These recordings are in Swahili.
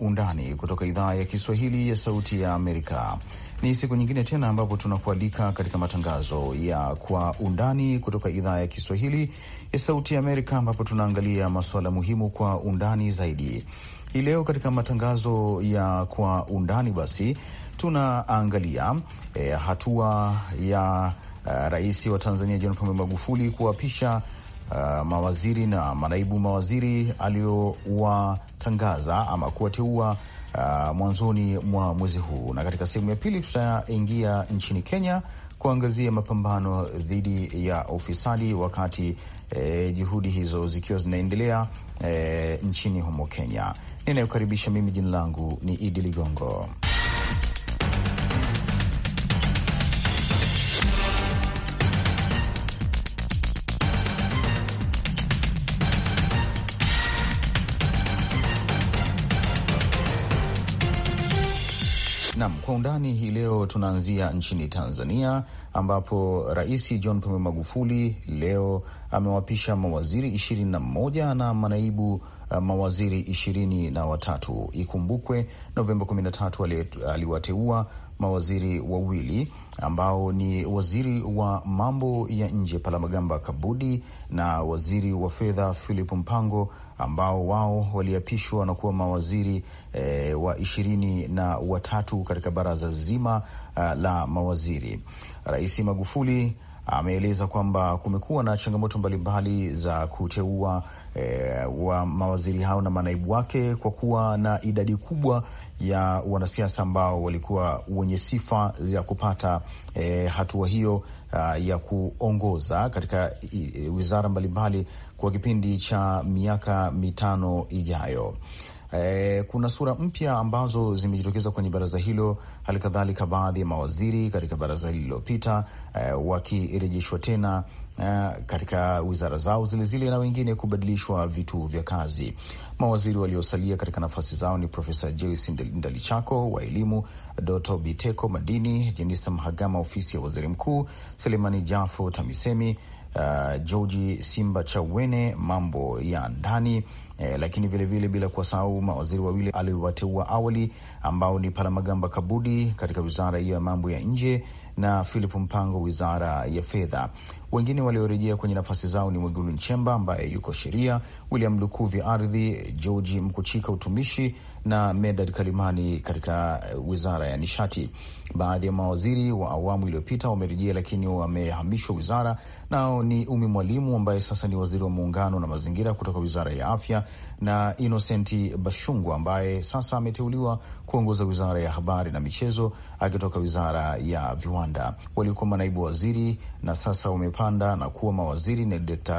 Undani kutoka idhaa ya Kiswahili ya Sauti ya Amerika. Ni siku nyingine tena ambapo tunakualika katika matangazo ya Kwa Undani kutoka idhaa ya Kiswahili ya Sauti ya Amerika, ambapo tunaangalia masuala muhimu kwa undani zaidi. Hii leo katika matangazo ya Kwa Undani, basi tunaangalia e, hatua ya uh, rais wa Tanzania John Pombe Magufuli kuapisha uh, mawaziri na manaibu mawaziri aliowatangaza ama kuwateua uh, mwanzoni mwa mwezi huu, na katika sehemu ya pili tutaingia nchini Kenya kuangazia mapambano dhidi ya ufisadi wakati eh, juhudi hizo zikiwa zinaendelea eh, nchini humo Kenya. Ninayokaribisha mimi, jina langu ni Idi Ligongo. Kwa Undani hii leo tunaanzia nchini Tanzania, ambapo Rais John Pombe Magufuli leo amewapisha mawaziri ishirini na na manaibu uh, mawaziri ishirini na watatu. Ikumbukwe Novemba 13 aliwateua mawaziri wawili ambao ni waziri wa mambo ya nje Palamagamba Kabudi na waziri wa fedha Philip Mpango ambao wao waliapishwa na kuwa mawaziri e, wa ishirini na watatu katika baraza zima a, eh, la mawaziri. Rais Magufuli ameeleza kwamba kumekuwa na changamoto mbalimbali za kuteua e, wa mawaziri hao na manaibu wake kwa kuwa na idadi kubwa ya wanasiasa ambao walikuwa wenye sifa za kupata e, hatua hiyo a, ah, ya kuongoza katika e, wizara mbalimbali kwa kipindi cha miaka mitano ijayo. E, kuna sura mpya ambazo zimejitokeza kwenye baraza hilo, hali kadhalika baadhi ya mawaziri katika baraza lililopita e, wakirejeshwa tena eh, katika wizara zao zilezile na wengine kubadilishwa vituo vya kazi. Mawaziri waliosalia katika nafasi zao ni Profesa Joyce Ndalichako wa elimu, Doto Biteko madini, Jenista Mhagama ofisi ya waziri mkuu, Selemani Jafo TAMISEMI, uh, Georgi Simba Chawene mambo ya ndani E, lakini vilevile vile bila kuwasahau mawaziri wawili aliwateua awali ambao ni Palamagamba Kabudi katika wizara hiyo ya mambo ya nje na Philip Mpango wizara ya fedha. Wengine waliorejea kwenye nafasi zao ni Mwigulu Nchemba ambaye yuko sheria, William Lukuvi ardhi, George Mkuchika utumishi na Medad Kalimani katika eh, wizara ya nishati. Baadhi ya mawaziri wa awamu iliyopita wamerejea, lakini wamehamishwa wizara nao ni Umi Mwalimu ambaye sasa ni waziri wa muungano na mazingira kutoka wizara ya afya na Inosenti Bashungwa ambaye sasa ameteuliwa kuongoza wizara ya habari na michezo akitoka wizara ya viwanda. Waliokuwa manaibu waziri na sasa wamepanda na kuwa mawaziri ni Dkt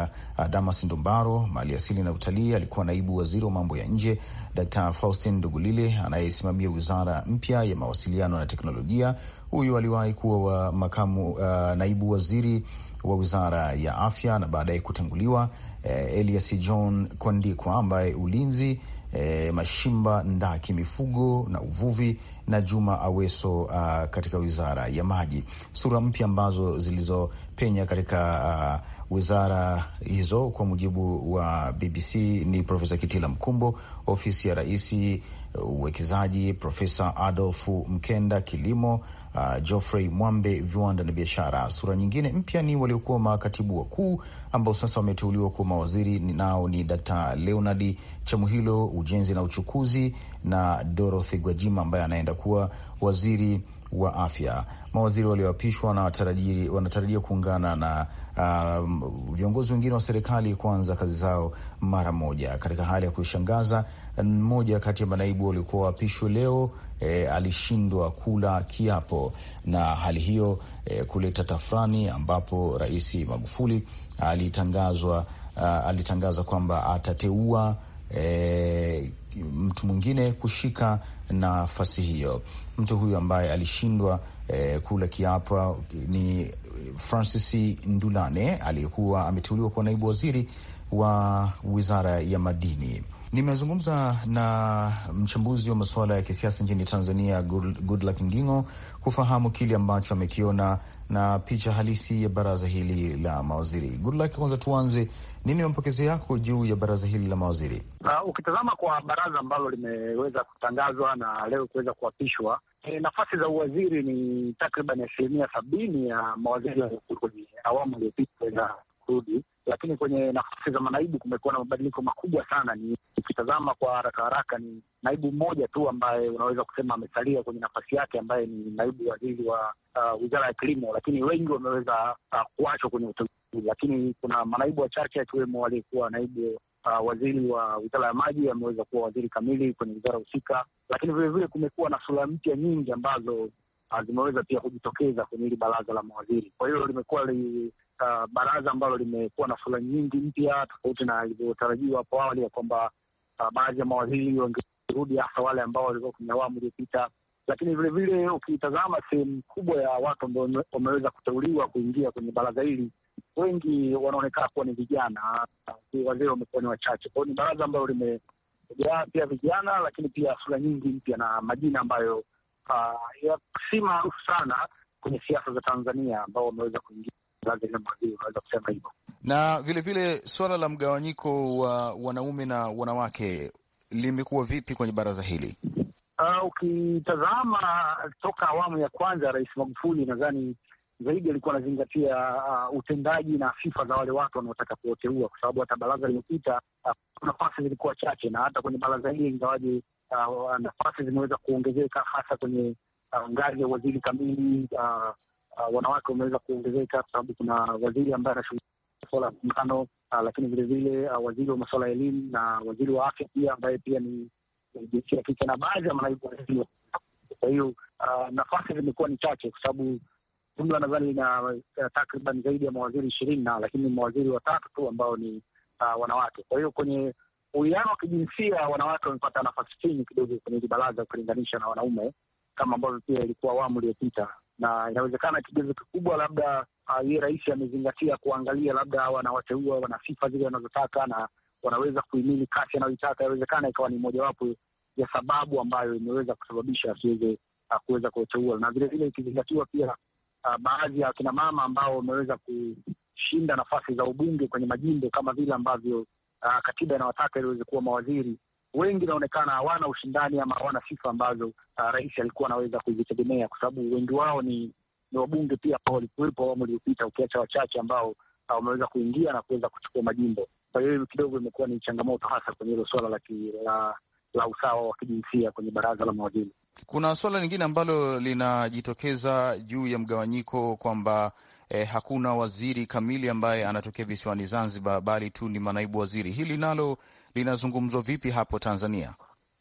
Damas Ndumbaro, maliasili na utalii, alikuwa naibu waziri wa mambo ya nje; Dkt Faustin Ndugulile anayesimamia wizara mpya ya mawasiliano na teknolojia, huyu aliwahi kuwa wa makamu uh, naibu waziri wa wizara ya afya na baadaye kutenguliwa eh, Elias John Kwandikwa ambaye ulinzi eh, Mashimba Ndaki mifugo na uvuvi na Juma Aweso uh, katika wizara ya maji, sura mpya ambazo zilizopenya katika uh, wizara hizo kwa mujibu wa BBC ni Profesa Kitila Mkumbo, ofisi ya Raisi uwekezaji, Profesa Adolfu Mkenda, kilimo uh, Geoffrey Mwambe, viwanda na biashara. Sura nyingine mpya ni waliokuwa makatibu wakuu ambao sasa wameteuliwa kuwa mawaziri, nao ni Dkt. Leonard Chamuhilo, ujenzi na uchukuzi, na Dorothy Gwajima ambaye anaenda kuwa waziri wa afya. Mawaziri walioapishwa wanatarajia kuungana na uh, viongozi wengine wa serikali kuanza kazi zao mara moja. Katika hali ya kushangaza, mmoja kati ya manaibu waliokuwa waapishwe leo e, alishindwa kula kiapo na hali hiyo e, kuleta tafrani ambapo Rais Magufuli alitangazwa a, alitangaza kwamba atateua e, mtu mwingine kushika nafasi hiyo. Mtu huyu ambaye alishindwa e, kula kiapo ni Francis Ndulane aliyekuwa ameteuliwa kuwa naibu waziri wa wizara ya madini. Nimezungumza na mchambuzi wa masuala ya kisiasa nchini Tanzania, Goodluck Ngingo, kufahamu kile ambacho amekiona na picha halisi ya baraza hili la mawaziri. Goodluck, kwanza tuanze, nini mapokezi yako juu ya baraza hili la mawaziri? Uh, ukitazama kwa baraza ambalo limeweza kutangazwa na leo kuweza kuapishwa, e, nafasi za uwaziri ni takriban asilimia sabini ya mawaziri kwenye awamu iliyopita kuweza kurudi lakini kwenye nafasi za manaibu kumekuwa na mabadiliko makubwa sana. Ni ukitazama kwa haraka haraka, ni naibu mmoja tu ambaye unaweza kusema amesalia kwenye nafasi yake, ambaye ni naibu waziri wa uh, wizara uh, ya kilimo, lakini wengi wameweza uh, kuachwa kwenye uteuzi. Lakini kuna manaibu wachache akiwemo aliyekuwa naibu Uh, waziri wa wizara ya maji ameweza kuwa waziri kamili kwenye wizara husika, lakini vilevile kumekuwa na sura mpya nyingi ambazo uh, zimeweza pia kujitokeza kwenye hili baraza la mawaziri. Kwa hiyo limekuwa li, uh, baraza ambalo limekuwa na sura nyingi mpya tofauti na ilivyotarajiwa hapo awali ya kwamba uh, baadhi ya mawaziri wangerudi hasa wale ambao walikuwa kwenye awamu iliyopita, lakini vilevile ukitazama sehemu kubwa ya watu ambao wameweza kuteuliwa kuingia kwenye baraza hili wengi wanaonekana kuwa ni vijana, uh, wazee wamekuwa ni wachache. kwao ni baraza ambalo limejaa pia vijana, lakini pia sura nyingi mpya na majina ambayo uh, si maarufu sana kwenye siasa za Tanzania ambao wameweza kuingia unaweza kusema hivyo. Na vilevile suala la mgawanyiko wa wanaume na wanawake limekuwa vipi kwenye baraza hili? Ah, ukitazama toka awamu ya kwanza Rais Magufuli nadhani zaidi alikuwa anazingatia uh, utendaji na sifa za wale watu wanaotaka kuwateua, kwa sababu hata baraza limepita uh, nafasi zilikuwa chache, na hata kwenye baraza hili ingawaje uh, nafasi zimeweza kuongezeka hasa kwenye uh, ngazi ya waziri kamili uh, uh, wanawake wameweza kuongezeka kwa sababu kuna waziri ambaye anashughulikia masuala ya muungano uh, ah, lakini vilevile uh, ah, waziri wa masuala ya elimu na waziri wa afya pia ambaye pia ni jinsia ya kike na baadhi ya manaibu waziri. Kwa hiyo uh, nafasi zimekuwa ni chache kwa sababu jumla nadhani ina uh, takriban zaidi ya mawaziri ishirini na lakini mawaziri watatu tu ambao ni uh, wanawake. Kwa hiyo kwenye uwiano wa kijinsia wanawake wamepata nafasi chini kidogo kwenye hili baraza kulinganisha na wanaume, kama ambavyo pia ilikuwa awamu iliyopita na inawezekana kigezo kikubwa labda ye ah, rais amezingatia kuangalia labda hawa anawateua wana sifa zile wanazotaka na wanaweza kuhimili kasi anayoitaka. Inawezekana ikawa ni mojawapo ya sababu ambayo imeweza kusababisha asiweze ah, kuweza kuwateua, na vilevile ikizingatiwa pia uh, baadhi ya wakinamama ambao wameweza kushinda nafasi za ubunge kwenye majimbo kama vile ambavyo uh, katiba inawataka ili waweze kuwa mawaziri wengi inaonekana hawana ushindani ama hawana sifa ambazo uh, rais alikuwa anaweza kuzitegemea, kwa sababu wengi wao ni, ni wabunge pia ambao walikuwepo awamu iliyopita, ukiacha wachache ambao uh, wameweza kuingia na kuweza kuchukua majimbo. Kwa hiyo kidogo imekuwa ni changamoto hasa kwenye hilo swala la, la, la usawa wa kijinsia kwenye baraza la mawaziri. Kuna swala lingine ambalo linajitokeza juu ya mgawanyiko kwamba eh, hakuna waziri kamili ambaye anatokea visiwani Zanzibar, bali tu ni manaibu waziri. Hili nalo linazungumzwa vipi hapo Tanzania?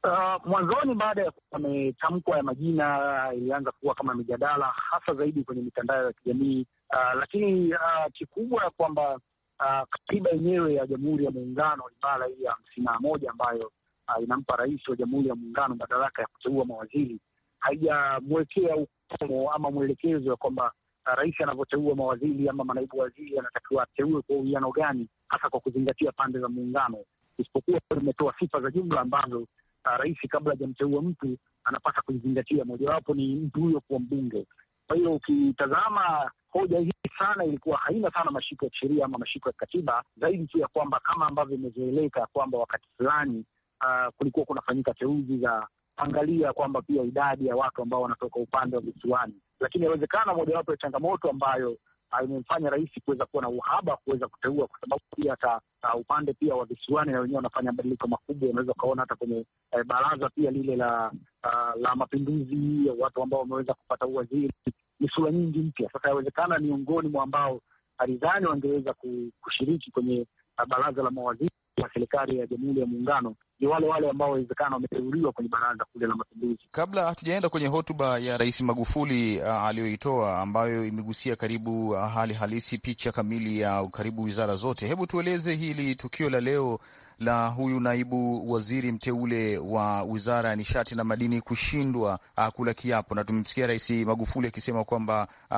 Uh, mwanzoni baada ya kuwa ametamkwa ya majina ilianza kuwa kama mijadala hasa zaidi kwenye mitandao ya kijamii uh, lakini uh, kikubwa kwamba uh, katiba yenyewe ya Jamhuri ya Muungano ibara hii ya hamsini na moja ambayo uh, inampa rais wa Jamhuri ya Muungano madaraka ya kuteua mawaziri haijamwekea ukomo ama mwelekezo ya kwamba uh, rais anavyoteua mawaziri ama manaibu waziri anatakiwa ateue kwa uwiano gani, hasa kwa kuzingatia pande za muungano isipokuwa limetoa sifa za jumla ambazo ah, rais kabla hajamteua mtu anapasa kuizingatia. Mojawapo ni mtu huyo kuwa mbunge. Kwa hiyo ukitazama hoja hii sana ilikuwa haina sana mashiko ya kisheria ama mashiko ya kikatiba, zaidi tu ya kwamba kama ambavyo imezoeleka kwamba wakati fulani uh, kulikuwa kunafanyika teuzi za angalia kwamba pia idadi ya watu ambao wanatoka upande wa visiwani, lakini inawezekana mojawapo ya changamoto ambayo imemfanya rais kuweza kuwa na uhaba kuweza kuteua, kwa sababu pia hata ah, upande pia wa visiwani na wenyewe wanafanya mabadiliko makubwa. Unaweza ukaona hata kwenye eh, baraza pia lile la uh, la mapinduzi, watu ambao wameweza kupata uwaziri ni sura nyingi mpya. Sasa yawezekana miongoni mwa ambao aridhani ah, wangeweza kushiriki kwenye uh, baraza la mawaziri la serikali ya Jamhuri ya Muungano ni wale wale ambao wawezekana wameteuliwa kwenye baraza kule la mapinduzi. Kabla hatujaenda kwenye hotuba ya Rais Magufuli uh, aliyoitoa ambayo imegusia karibu uh, hali halisi, picha kamili ya karibu wizara zote, hebu tueleze hili tukio la leo la huyu naibu waziri mteule wa wizara ya nishati na madini kushindwa uh, kula kiapo, na tumemsikia Rais Magufuli akisema kwamba uh,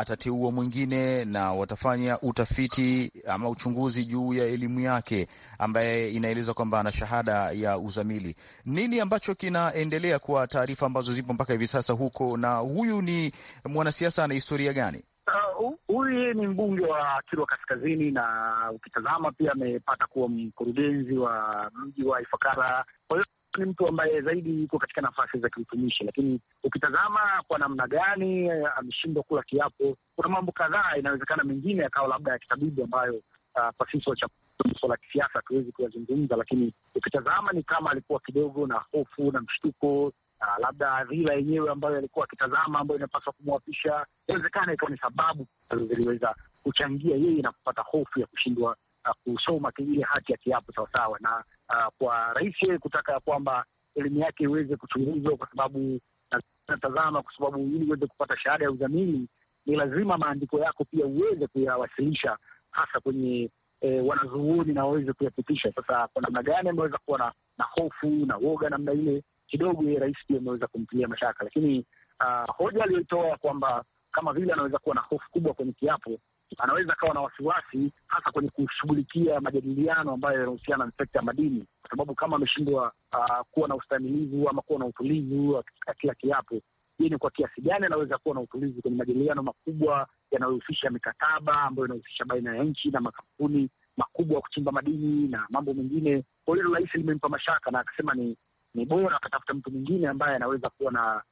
atateua mwingine na watafanya utafiti ama uchunguzi juu ya elimu yake ambaye inaeleza kwamba ana shahada ya uzamili. Nini ambacho kinaendelea kwa taarifa ambazo zipo mpaka hivi sasa huko, na huyu ni mwanasiasa ana historia gani? Huyu uh, ni mbunge wa Kilwa Kaskazini, na ukitazama pia amepata kuwa mkurugenzi wa mji wa Ifakara. Kwa hiyo ni mtu ambaye zaidi yuko katika nafasi za kiutumishi, lakini ukitazama kwa namna gani uh, ameshindwa kula kiapo, kuna mambo kadhaa, inawezekana mengine yakawa labda ya kitabibu ambayo uh, kwa sisi wachaguzi la kisiasa hatuwezi kuyazungumza, lakini ukitazama ni kama alikuwa kidogo na hofu na mshtuko uh, labda adhira yenyewe ambayo alikuwa akitazama ambayo inapaswa kumwapisha, inawezekana ikawa ni sababu ziliweza kuchangia yeye na kupata hofu ya kushindwa uh, kusoma ile hati ya kiapo sawasawa, na uh, kwa rais yeye kutaka kwamba elimu yake iweze kuchunguzwa kwa sababu natazama, kwa sababu ili uweze kupata shahada ya uzamili ni lazima maandiko yako pia uweze kuyawasilisha hasa kwenye e, wanazuoni na waweze kuyapitisha. Sasa kwa namna gani ameweza kuwa na, na hofu na woga namna ile kidogo rais pia ameweza kumtilia mashaka, lakini uh, hoja aliyoitoa kwamba kama vile anaweza kuwa na hofu kubwa kwenye kiapo, anaweza akawa na wasiwasi hasa kwenye kushughulikia majadiliano ambayo yanahusiana na sekta ya madini, kwa sababu kama ameshindwa uh, kuwa na ustamilivu ama kuwa na utulivu katika kila kiapo, hii ni kwa kiasi gani anaweza kuwa na utulivu kwenye majadiliano makubwa yanayohusisha mikataba ambayo inahusisha baina ya nchi na makampuni makubwa ya kuchimba madini na mambo mengine. Kwa hiyo rais limempa mashaka na akasema ni ni bora akatafuta mtu mwingine ambaye anaweza kuwa na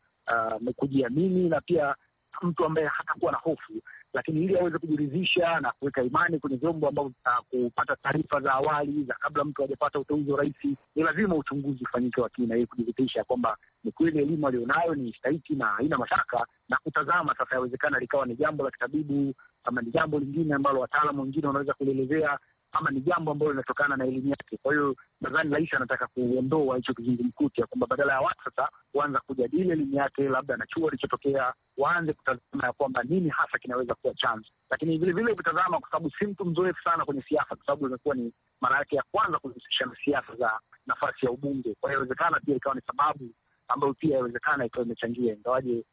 uh, kujiamini na pia mtu ambaye hatakuwa na hofu, lakini ili aweze kujiridhisha na kuweka imani kwenye vyombo ambavyo kupata taarifa za awali za kabla mtu hajapata uteuzi wa rais, ni lazima uchunguzi ufanyike wa kina, ili kudhibitisha kwamba ni kweli elimu aliyonayo ni stahiki na haina mashaka, na kutazama sasa, yawezekana likawa ni jambo la kitabibu ama ni jambo lingine ambalo wataalamu wengine wanaweza kulielezea ama ni jambo ambalo linatokana na elimu yake. Kwa hiyo nadhani rais anataka kuondoa hicho kizungumkuti, ya kwamba badala ya watu sasa kuanza kujadili elimu yake, labda na chuo alichotokea, waanze kutazama ya kwamba nini hasa kinaweza kuwa chanzo. Lakini vilevile ukitazama, kwa sababu si mtu mzoefu sana kwenye siasa, kwa sababu imekuwa ni mara yake ya kwanza kujihusisha na siasa za nafasi ya ubunge. Kwa hiyo inawezekana pia ikawa ni sababu ambayo pia inawezekana ikawa imechangia, ingawaje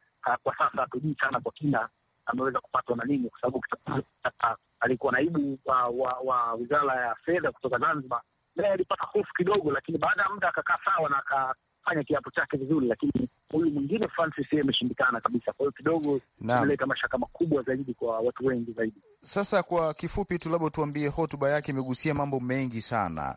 kwa sasa hatujui sana kwa kina ameweza kupatwa na nini, kwa sababu alikuwa naibu wa, wa, wa wizara ya fedha kutoka Zanzibar, naye alipata hofu kidogo, lakini baada ya muda akakaa sawa na fanya kiapo chake vizuri, lakini huyu mwingine Francis yeye ameshindikana kabisa. Kwa hiyo kidogo imeleta mashaka makubwa zaidi kwa watu wengi zaidi. Sasa kwa kifupi tu, labda tuambie, hotuba yake imegusia mambo mengi sana.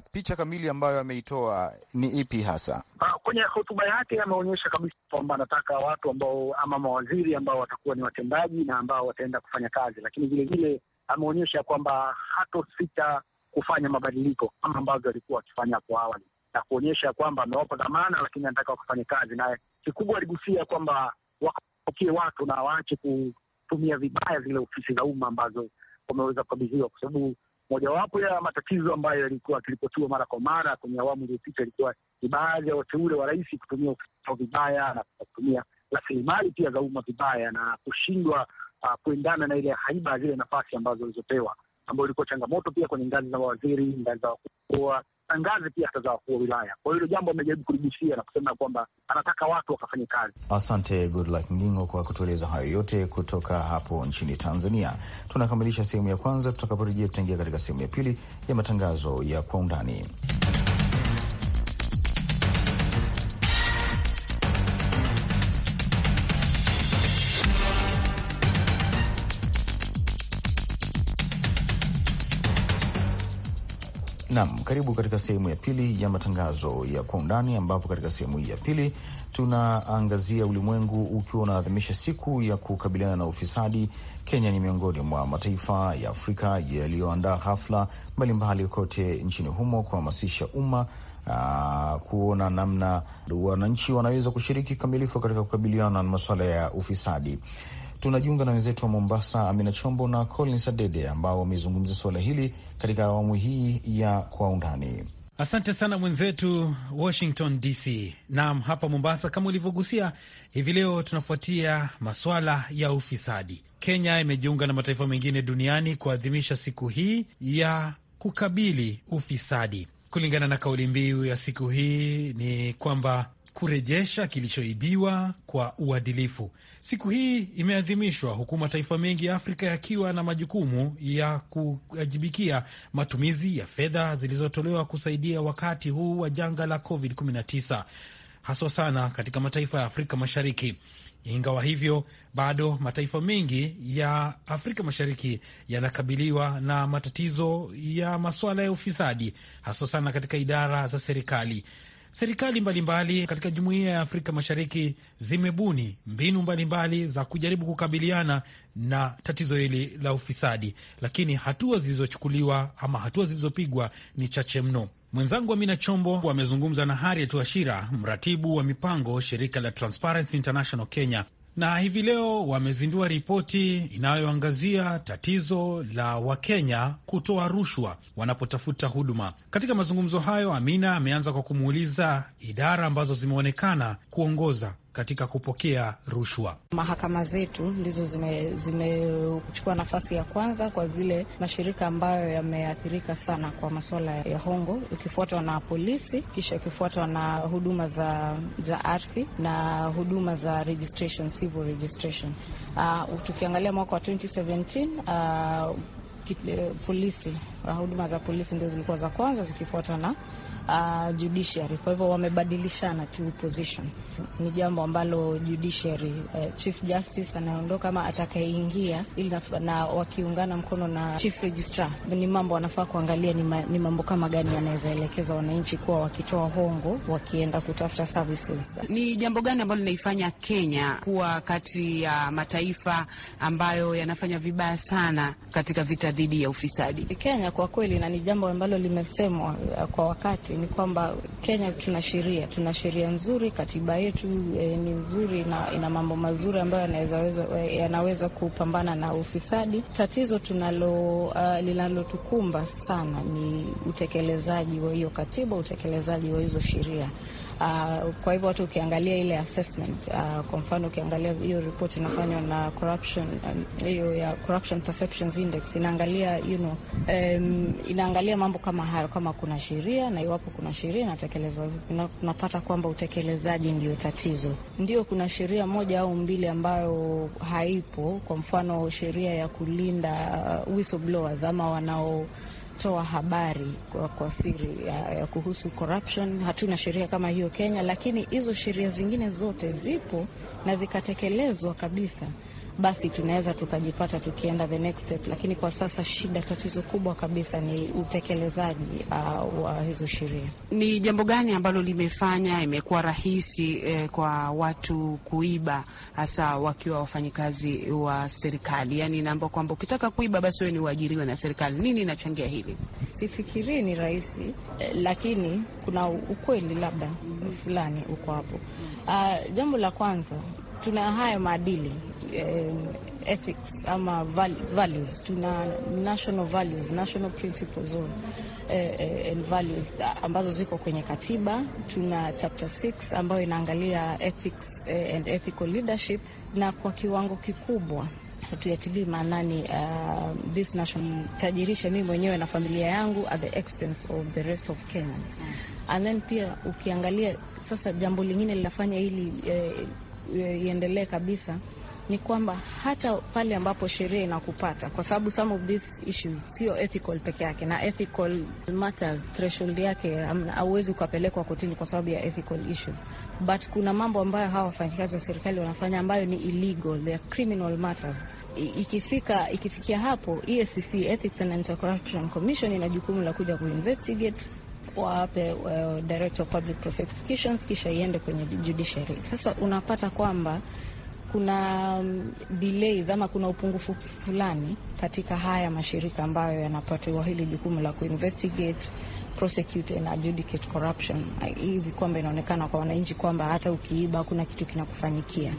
Uh, picha kamili ambayo ameitoa ni ipi hasa? Uh, kwenye hotuba yake ameonyesha kabisa kwamba anataka watu ambao ama mawaziri ambao watakuwa ni watendaji na ambao wataenda kufanya kazi, lakini vilevile ameonyesha kwamba hatosita kufanya mabadiliko kama ambavyo alikuwa akifanya hapo awali na kuonyesha kwamba amewapa dhamana, lakini anataka wakafanye kazi naye. Kikubwa aligusia kwamba wapokee watu na waache kutumia vibaya zile ofisi za umma ambazo wameweza kukabidhiwa, kwa sababu mojawapo ya matatizo ambayo yalikuwa akiripotiwa mara kwa mara kwenye awamu iliyopita ilikuwa ni baadhi ya wateule wa rais kutumia ofisi zao vibaya na kutumia rasilimali pia za umma vibaya na kushindwa uh, kuendana na ile haiba ya zile nafasi ambazo walizopewa, ambayo ilikuwa changamoto pia kwenye ngazi za mawaziri, ngazi za wakuu wa atangaze pia za wakuu wa wilaya. Kwa hiyo hilo jambo amejaribu kuligusia na kusema kwamba anataka watu wakafanye kazi. Asante Goodluck Ngingo kwa kutueleza hayo yote kutoka hapo nchini Tanzania. Tunakamilisha sehemu ya kwanza, tutakaporejea tutaingia katika sehemu ya pili ya matangazo ya kwa undani. Naam, karibu katika sehemu ya pili ya matangazo ya kwa undani, ambapo katika sehemu hii ya pili tunaangazia ulimwengu ukiwa unaadhimisha siku ya kukabiliana na ufisadi. Kenya ni miongoni mwa mataifa ya Afrika yaliyoandaa hafla mbalimbali kote nchini humo kuhamasisha umma ah, kuona namna wananchi wanaweza kushiriki kikamilifu katika kukabiliana na masuala ya ufisadi. Tunajiunga na wenzetu wa Mombasa, Amina Chombo na colins Adede ambao wamezungumza suala hili katika awamu hii ya Kwa Undani. Asante sana mwenzetu Washington DC. Naam, hapa Mombasa, kama ulivyogusia, hivi leo tunafuatia maswala ya ufisadi. Kenya imejiunga na mataifa mengine duniani kuadhimisha siku hii ya kukabili ufisadi. Kulingana na kauli mbiu ya siku hii ni kwamba kurejesha kilichoibiwa kwa uadilifu. Siku hii imeadhimishwa huku mataifa mengi ya Afrika yakiwa na majukumu ya kuajibikia matumizi ya fedha zilizotolewa kusaidia wakati huu wa janga la COVID-19 haswa sana katika mataifa ya Afrika Mashariki. Ingawa hivyo, bado mataifa mengi ya Afrika Mashariki yanakabiliwa na matatizo ya masuala ya ufisadi haswa sana katika idara za serikali. Serikali mbalimbali mbali katika jumuiya ya Afrika Mashariki zimebuni mbinu mbalimbali mbali za kujaribu kukabiliana na tatizo hili la ufisadi, lakini hatua zilizochukuliwa ama hatua zilizopigwa ni chache mno. Mwenzangu Amina Chombo amezungumza na Harriet Washira, mratibu wa mipango, shirika la Transparency International Kenya, na hivi leo wamezindua ripoti inayoangazia tatizo la Wakenya kutoa rushwa wanapotafuta huduma. Katika mazungumzo hayo, Amina ameanza kwa kumuuliza idara ambazo zimeonekana kuongoza katika kupokea rushwa. Mahakama zetu ndizo zimechukua zime nafasi ya kwanza kwa zile mashirika ambayo yameathirika sana kwa masuala ya hongo, ikifuatwa na polisi, kisha ikifuatwa na huduma za, za ardhi na huduma za registration, civil registration. Uh, tukiangalia mwaka wa 2017 uh, eh, polisi uh, huduma za polisi ndio zilikuwa za kwanza zikifuatwa na uh, judiciary. Kwa hivyo wamebadilishana tu position. Ni jambo ambalo judiciary uh, chief justice anayeondoka ama atakayeingia, ili na wakiungana mkono na chief registrar, ni mambo wanafaa kuangalia ni, ma, ni mambo kama gani yanaweza elekeza wananchi kuwa wakitoa hongo wakienda kutafuta services. Ni jambo gani ambalo linaifanya Kenya kuwa kati ya uh, mataifa ambayo yanafanya vibaya sana katika vita dhidi ya ufisadi? Kenya kwa kweli, na ni jambo ambalo limesemwa uh, kwa wakati ni kwamba Kenya tuna sheria, tuna sheria nzuri, katiba yetu e, ni nzuri na ina mambo mazuri ambayo yanaweza eh, kupambana na ufisadi. Tatizo tunalo uh, linalotukumba sana ni utekelezaji wa hiyo katiba, utekelezaji wa hizo sheria. Uh, kwa hivyo watu ukiangalia ile assessment uh, kwa mfano ukiangalia hiyo report inafanywa na corruption um, hiyo um, ya corruption perceptions index inaangalia you know, um, inaangalia mambo kama hayo, kama kuna sheria na iwapo kuna sheria inatekelezwa, tunapata kwamba utekelezaji ndio tatizo. Ndio kuna sheria moja au mbili ambayo haipo, kwa mfano sheria ya kulinda uh, whistleblowers ama wanao kutoa habari kwa, kwa siri ya, ya kuhusu corruption. Hatuna sheria kama hiyo Kenya, lakini hizo sheria zingine zote zipo na zikatekelezwa kabisa basi tunaweza tukajipata tukienda the next step, lakini kwa sasa shida, tatizo kubwa kabisa ni utekelezaji uh, wa hizo sheria. Ni jambo gani ambalo limefanya imekuwa rahisi eh, kwa watu kuiba hasa wakiwa wafanyikazi wa serikali? Yani naamba kwamba ukitaka kuiba basi wewe ni uajiriwe na serikali. Nini inachangia hili? Sifikirii ni rahisi eh, lakini kuna ukweli labda fulani uko hapo. Uh, jambo la kwanza tuna hayo maadili um, ethics ama values, tuna national values, national principles of, eh, eh and values uh, ambazo ziko kwenye katiba. Tuna chapter 6 ambayo inaangalia ethics eh, and ethical leadership, na kwa kiwango kikubwa hatuyatilii maanani uh, this national tajirishe mimi mwenyewe na familia yangu at the expense of the rest of Kenyans. And then pia ukiangalia sasa, jambo lingine linafanya hili eh, Eh, iendelee kabisa ni kwamba hata pale ambapo sheria inakupata, kwa sababu some of these issues sio ethical peke yake, na ethical matters threshold yake hauwezi ukapelekwa kotini kwa sababu ya ethical issues, but kuna mambo ambayo hawa wafanyikazi wa serikali wanafanya ambayo ni illegal, they are criminal matters. Ikifika, ikifikia hapo, EACC Ethics and Anti-Corruption Commission ina jukumu la kuja kuinvestigate wawape uh, director of public prosecutions, kisha iende kwenye judiciary. Sasa unapata kwamba kuna um, delays ama kuna upungufu fulani katika haya mashirika ambayo yanapatiwa hili jukumu la kuinvestigate prosecute and adjudicate corruption, hivi kwamba inaonekana kwa wananchi kwamba hata ukiiba kuna kitu kinakufanyikia.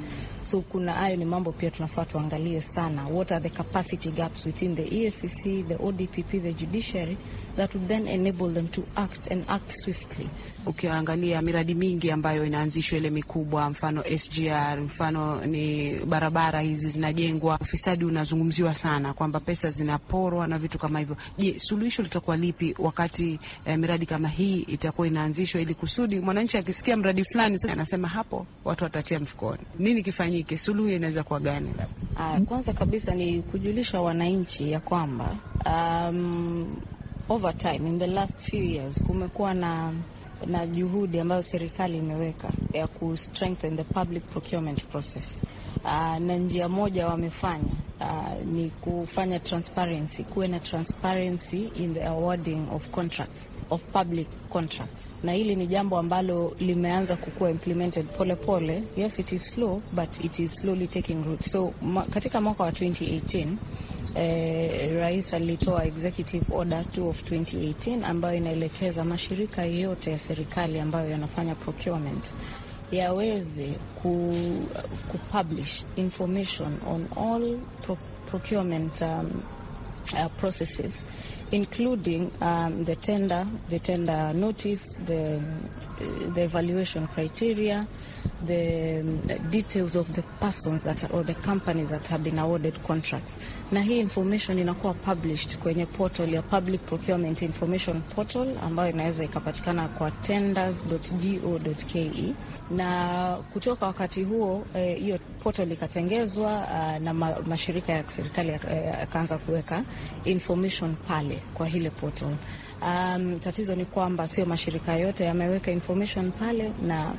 So kuna hayo ni mambo pia tunafaa tuangalie sana, what are the capacity gaps within the EACC, the ODPP, the judiciary that would then enable them to act and act swiftly. Ukiangalia miradi mingi ambayo inaanzishwa ile mikubwa, mfano SGR, mfano ni barabara hizi zinajengwa, ufisadi unazungumziwa sana kwa kwamba pesa zinaporwa na vitu kama hivyo. Je, suluhisho litakuwa lipi wakati eh, miradi kama hii itakuwa inaanzishwa, ili kusudi mwananchi akisikia mradi fulani sasa anasema hapo watu watatia mfukoni. Nini kifanyike? Suluhu inaweza kuwa gani? Uh, kwanza kabisa ni kujulisha wananchi ya kwamba um, over time in the last few years kumekuwa na na juhudi ambayo serikali imeweka ya ku strengthen the public procurement process. Uh, na njia moja wamefanya uh, ni kufanya transparency, kuwe na transparency in the awarding of contracts of public contracts, na hili ni jambo ambalo limeanza kukuwa implemented polepole pole. Yes, it is slow but it is slowly taking root. So ma, katika mwaka wa 2018 eh, rais alitoa executive order 2 of 2018 ambayo inaelekeza mashirika yote ya serikali ambayo yanafanya procurement yaweze ku, kupublish information on all pro procurement um, uh, processes including um, the tender, the tender notice, the, the evaluation criteria, the um, details of the persons that are, or the companies that have been awarded contracts. na hii information inakuwa published kwenye portal ya Public Procurement Information Portal ambayo inaweza ikapatikana kwa tenders.go.ke, na kutoka wakati huo eh, hiyo eh, portal ikatengezwa uh, na ma mashirika ya serikali eh, yakaanza eh, kuweka information pale kwa hile portal. Um, tatizo ni kwamba sio mashirika yote yameweka information pale na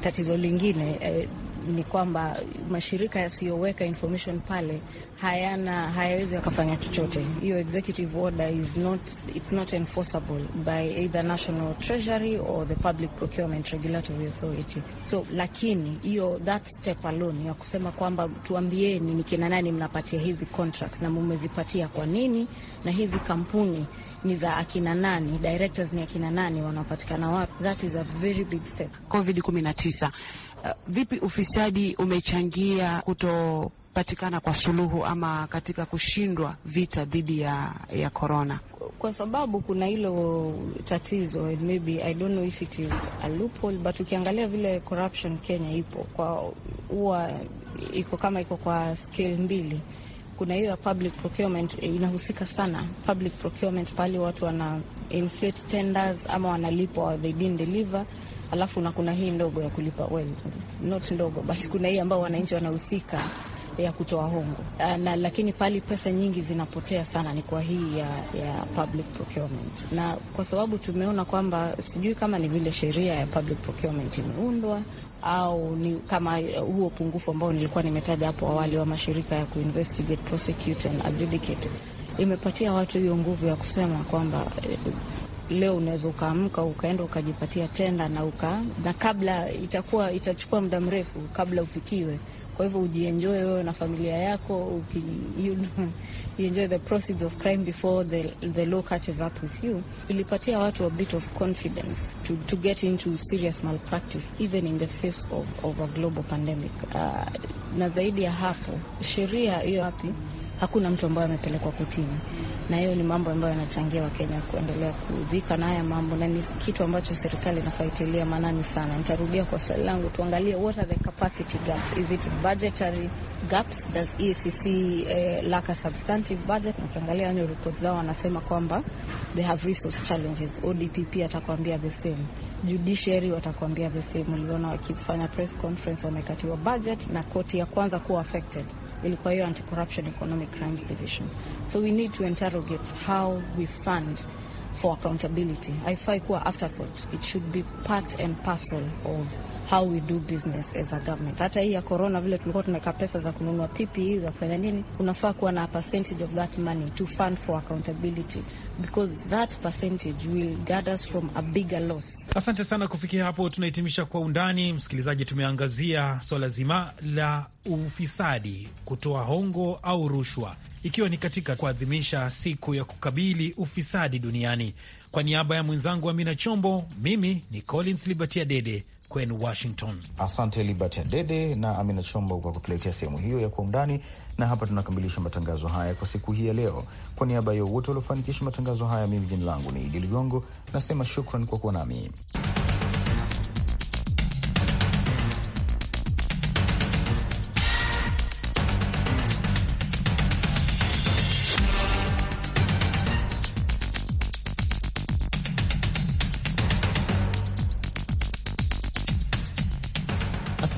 tatizo lingine eh, ni kwamba mashirika yasiyoweka information pale hayana hayawezi yakafanya chochote. Hiyo executive order is not it's not enforceable by either national treasury or the public procurement regulatory authority. So lakini hiyo that step alone ya kusema kwamba tuambieni ni kina nani mnapatia hizi contracts na mumezipatia kwa nini na hizi kampuni ni za akina nani, directors ni akina nani, wanapatikana wapi? That is a very big step. COVID 19 Eh, vipi ufisadi umechangia kuto patikana kwa suluhu ama katika kushindwa vita dhidi ya ya korona, kwa sababu kuna hilo tatizo maybe I don't know if it is a loophole but ukiangalia vile corruption Kenya ipo kwa huwa iko kama iko kwa scale mbili. Kuna hiyo ya public procurement eh, inahusika sana public procurement, pale watu wana inflate tenders ama wanalipwa they didn't deliver alafu na kuna hii ndogo ya kulipa well, not ndogo but kuna hii ambao wananchi wanahusika ya kutoa hongo ah, na, lakini pali pesa nyingi zinapotea sana ni kwa hii ya, ya public procurement, na kwa sababu tumeona kwamba sijui kama ni vile sheria ya public procurement imeundwa au ni kama huo pungufu ambao nilikuwa nimetaja hapo awali wa mashirika ya kuinvestigate, prosecute and adjudicate imepatia watu hiyo nguvu ya kusema kwamba leo unaweza ukaamka ukaenda ukajipatia tenda na uka, na kabla itakuwa itachukua muda mrefu kabla ufikiwe. Kwa hivyo ujienjoe wewe na familia yako uki, you know, you enjoy the proceeds of crime before the, the law catches up with you. Ilipatia watu a bit of confidence to, to get into serious malpractice even in the face of, of a global pandemic. Uh, na zaidi ya hapo sheria hiyo hapi hakuna mtu ambaye amepelekwa kotini, na hiyo ni mambo ambayo yanachangia Wakenya kuendelea kudhika na haya mambo, na ni kitu ambacho serikali inafaitilia maanani sana. Nitarudia kwa swali langu, tuangalie what are the capacity gaps, is it budgetary gaps, does EACC eh, lack a substantive budget? Ukiangalia wenye ripoti zao wanasema kwamba they have resource challenges. ODPP atakwambia the same, judiciary watakuambia the same. Uliona wakifanya press conference wamekatiwa budget na koti ya kwanza kuwa affected ilikuwa hiyo anti-corruption economic crimes division. So we need to interrogate how we fund for accountability. Haifai kuwa afterthought, it should be part and parcel of how we do business as a government. Hata hii ya corona vile tulikuwa tunaweka pesa za kununua PPE za kufanya nini, unafaa kuwa na percentage of that money to fund for accountability because that percentage will guard us from a bigger loss. Asante sana. Kufikia hapo tunahitimisha kwa undani, msikilizaji, tumeangazia swala so zima la ufisadi, kutoa hongo au rushwa, ikiwa ni katika kuadhimisha siku ya kukabili ufisadi duniani. Kwa niaba ya mwenzangu Amina Chombo, mimi ni Collins Libertia Dede kwenu Washington. Asante Libertia Dede na Amina Chombo kwa kutuletea sehemu hiyo ya kwa undani, na hapa tunakamilisha matangazo haya kwa siku hii ya leo. Kwa niaba ya wote waliofanikisha matangazo haya, mimi jina langu ni Idi Ligongo, nasema shukran kwa kuwa nami.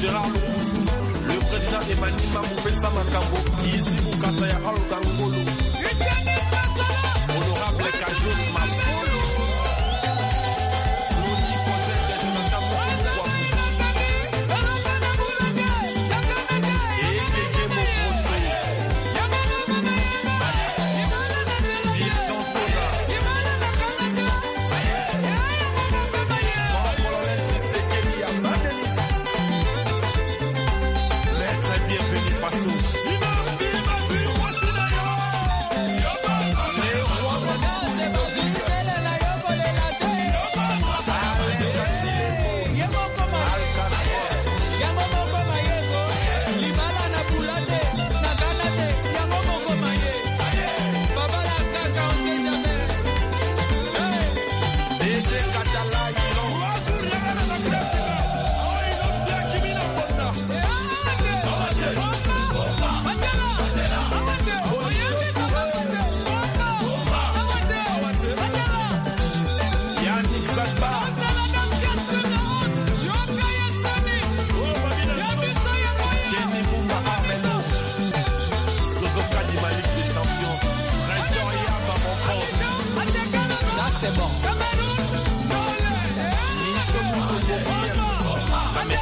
Gérard Loukousou, le président Emmanuel Mamoupessa Kabo, Izi ya Al Gangolo,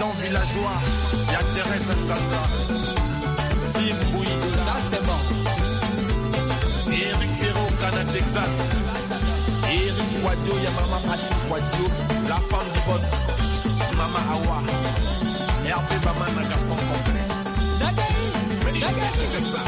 Dans villageois. il y a Thérèse Steve Bouygues, ça c'est bon. Eric Perrault, Canada, Texas. Eric Wadio, a maman Achille Wadio, la femme du boss. Mama Awa. Hervé Maman, un garçon complet. Mais il ça.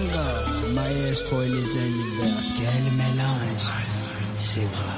Venga, maestro, les amis, quel c'est vrai.